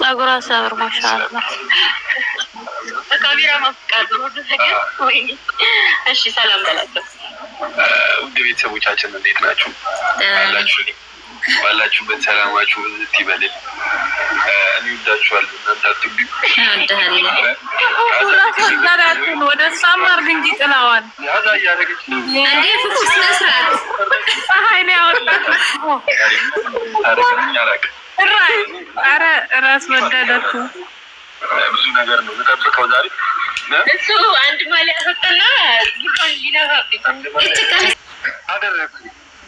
ጸጉሯ ሰብር ማሻአላ በካሜራ ማፍቃሉ ሁሉ እሺ ሰላም በላቸው። ውድ ቤተሰቦቻችን እንዴት ናችሁ? ባላችሁበት ሰላማችሁ ብዝት ይበልል። እኔ ወዳችኋለሁ። እናንተ አትጉዱ። ወደ እሷም አድርግ እንጂ ጥላዋል እንዴ ፍቅር ስነ ስርዓት ፀሐይ ነው ያወጣት። ኧረ ራስ ወዳደቱ ብዙ ነገር ነው የምጠብቀው ዛሬ እሱ አንድ ማሊያ ሰጠና ሊነፋብኝ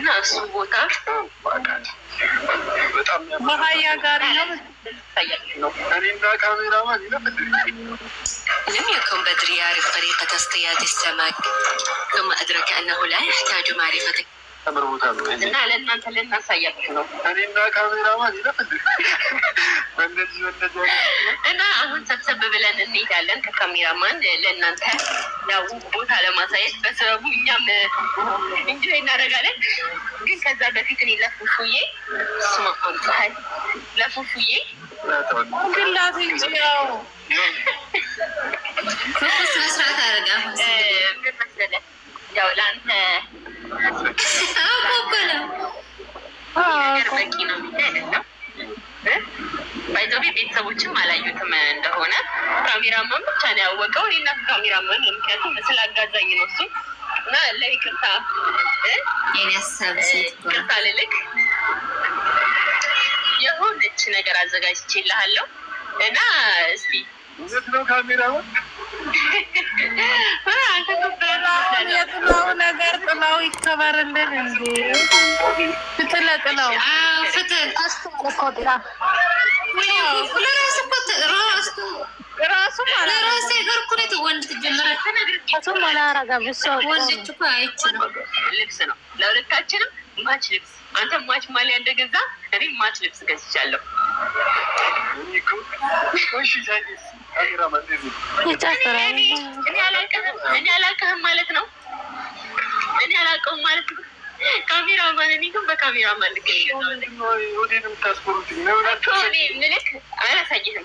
እና እሱ ቦታ በሀያ ጋር ነው። እኔና ካሜራማን لم يكن بدر يعرف طريقة اصطياد السمك ثم أدرك أنه لا يحتاج معرفة እና ለእናንተ ልናሳያችሁ ነው። እኔና ካሜራማን ይለፍልህ እና አሁን ሰብሰብ ብለን እንሄዳለን ከካሜራማን ለእናንተ ያው ቦታ ለማሳየት በሰበቡ እኛም እንጂ እናደርጋለን። ግን ከዛ በፊት እኔ ለፉፉዬ ለፉፉዬ ግላት እንጂ ያው ስነስርዓት አደረጋ ምን መሰለህ ያው ለአንተ ነገር በቂ ነው የሚል ባይዘቤ ቤተሰቦችም አላዩትም እንደሆነ ካሜራማን ብቻ ነው ያወቀው። እኔና ካሜራማን ምክንያቱም ስላጋዛኝ ነው እሱ እና ለይቅርታ ቅርታ ልልክ የሆነች ነገር አዘጋጅቼ ይልሃለሁ እና እስቲ እውነት ነው ካሜራማን የጥላው ነገር ጥላው ይከበርልን እንዴ! ፍትህ ለጥላው ፍትህ አስተዋል እኮ ጥላ ወንድ ልብስ ነው ለሁለታችንም ማች ልብስ። አንተ ማች ማሊያ እንደገዛ እኔ ማች ልብስ ገዝቻለሁ። እኔ አላውቅህም ማለት ነው። እኔ አላውቅህም ማለት ነው። ካሜራ ማን እኔ ግን በካሜራ ማልክ ልክ አላሳይህም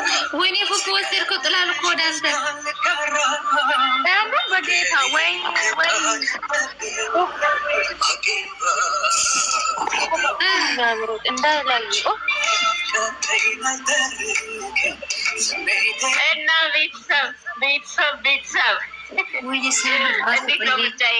ወይኔ ፉፉ ወሰድከው ጥላል እኮ ወደ አንተ ያምሩ በጌታ ወይ ወይ እና ቤተሰብ ቤተሰብ ቤተሰብ እንዴት ነው ብቻዬ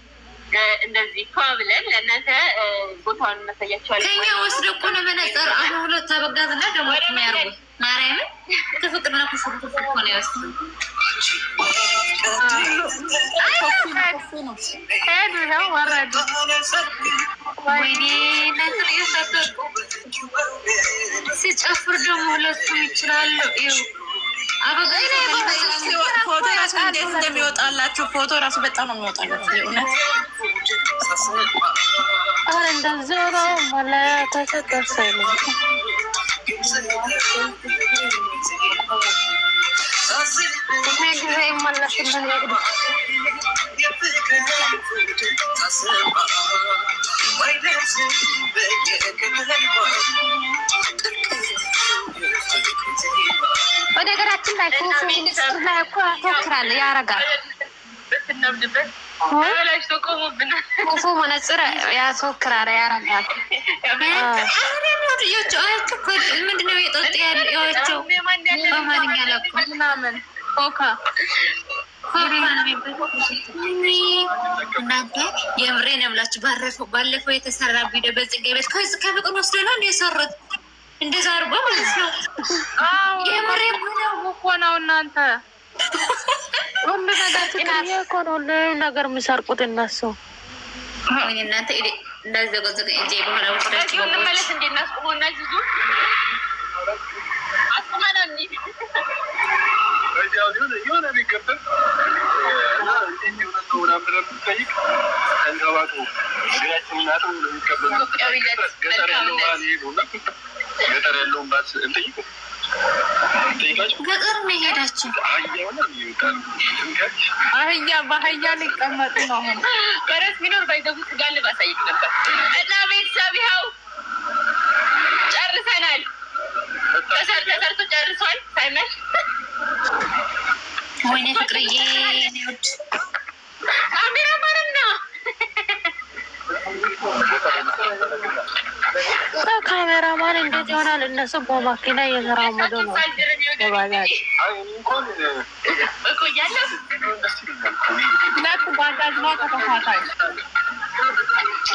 እንደዚህ ኳ ብለን ለእናንተ ቦታውን እናሳያቸዋለን። ከኛ ወስደ እኮ ነው መነጽር አሁን ሁለት አበጋዝ እና ደግሞ የሚያርጉ ማርያምን ከፍቅር ነው ከስብት እኮ ነው ይወስ ሲጨፍር ደግሞ ሁለቱም ይችላሉ ይው ፎቶ ራሱ እንዴት እንደሚወጣላችሁ ፎቶ ራሱ በጣም ነው የሚወጣላችሁ እውነት በነገራችን ላይ ላይ እኮ ያረጋል ኮፎ መነጽር ያስወክራል፣ ያረጋል። ምንድነው የጠጡ ያቸው በአማርኛ እናንተ የምሬን የምላችሁ ባለፈው ባለፈው የተሰራ ቪዲዮ በጽጌ ቤት ከዚ ከፍቅር ወስዶ ነው እንደ የሰሩት እንደዛ አርጎ ማለት ነው። የምሬ ነው እኮ ነው እናንተ ሁሉ ነገር ትክክል እኮ ነው። ሁሉ ነገር የሚሰርቁት እነሱ ገጠር ያለውን ባስ እንጠይቅ ገጠር ነው የሄዳችሁ? አህያ በአህያ ሊቀመጡ ነው። አሁን በረት ቢኖር ባይዘጉት ጋር ልባሳይት ነበር እና ቤተሰብ ይኸው ጨርሰናል። ተሰር ተሰርቶ ጨርሷል። ሳይመን ወይኔ ፍቅርዬ ካሜራ ማንም ነው በካሜራማን እንዴት ይሆናል? እነሱ በማኪና እየተራመዱ ነው። በባጃጅ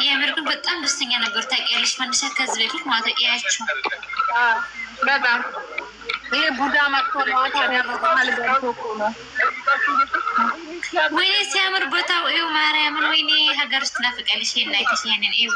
የምር ግን በጣም ደስተኛ ነበር። ታውቂያለሽ መነሻ ከዚህ በፊት ማታውቂያችሁ በጣም ይሄ ቡዳ መጥቶ ወይኔ ሲያምር ቦታው ይኸው ማርያምን ወይኔ ሀገር ውስጥ ናፍቃለሽ ናይተሽ አይተሽ ይሄንን ይኸው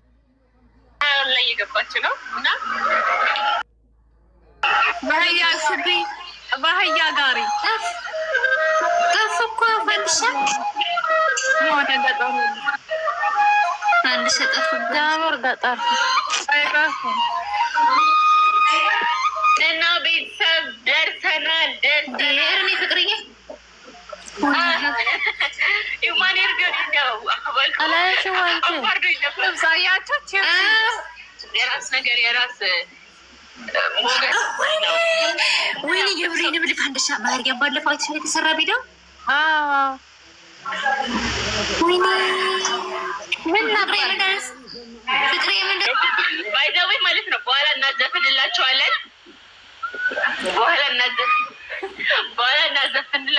እየገባች ነው እና በአህያ ስሪ በአህያ ጋሪ ጠፍ እኮ ፈንድሻ ፈንድሻ ጠፍ ዳኖር ገጠር እና ቤተሰብ ደርሰናል። ደርሰናል ፍቅርዬ ይማኔር ገ አላያቸው አንቺ ልብስ አያቸው የራስ ነገር የራስ ወይኔ የብሬን ንብል ፋንደሻ ማርያም ባለፈው አይተሽ የተሰራ ቪዲዮ ወይኔ ምን ነበር ይለናስ ፍቅሬ ምንድን ማለት ነው። በኋላ እናዘፍንላቸዋለን። በኋላ እናዘፍ በኋላ እናዘፍ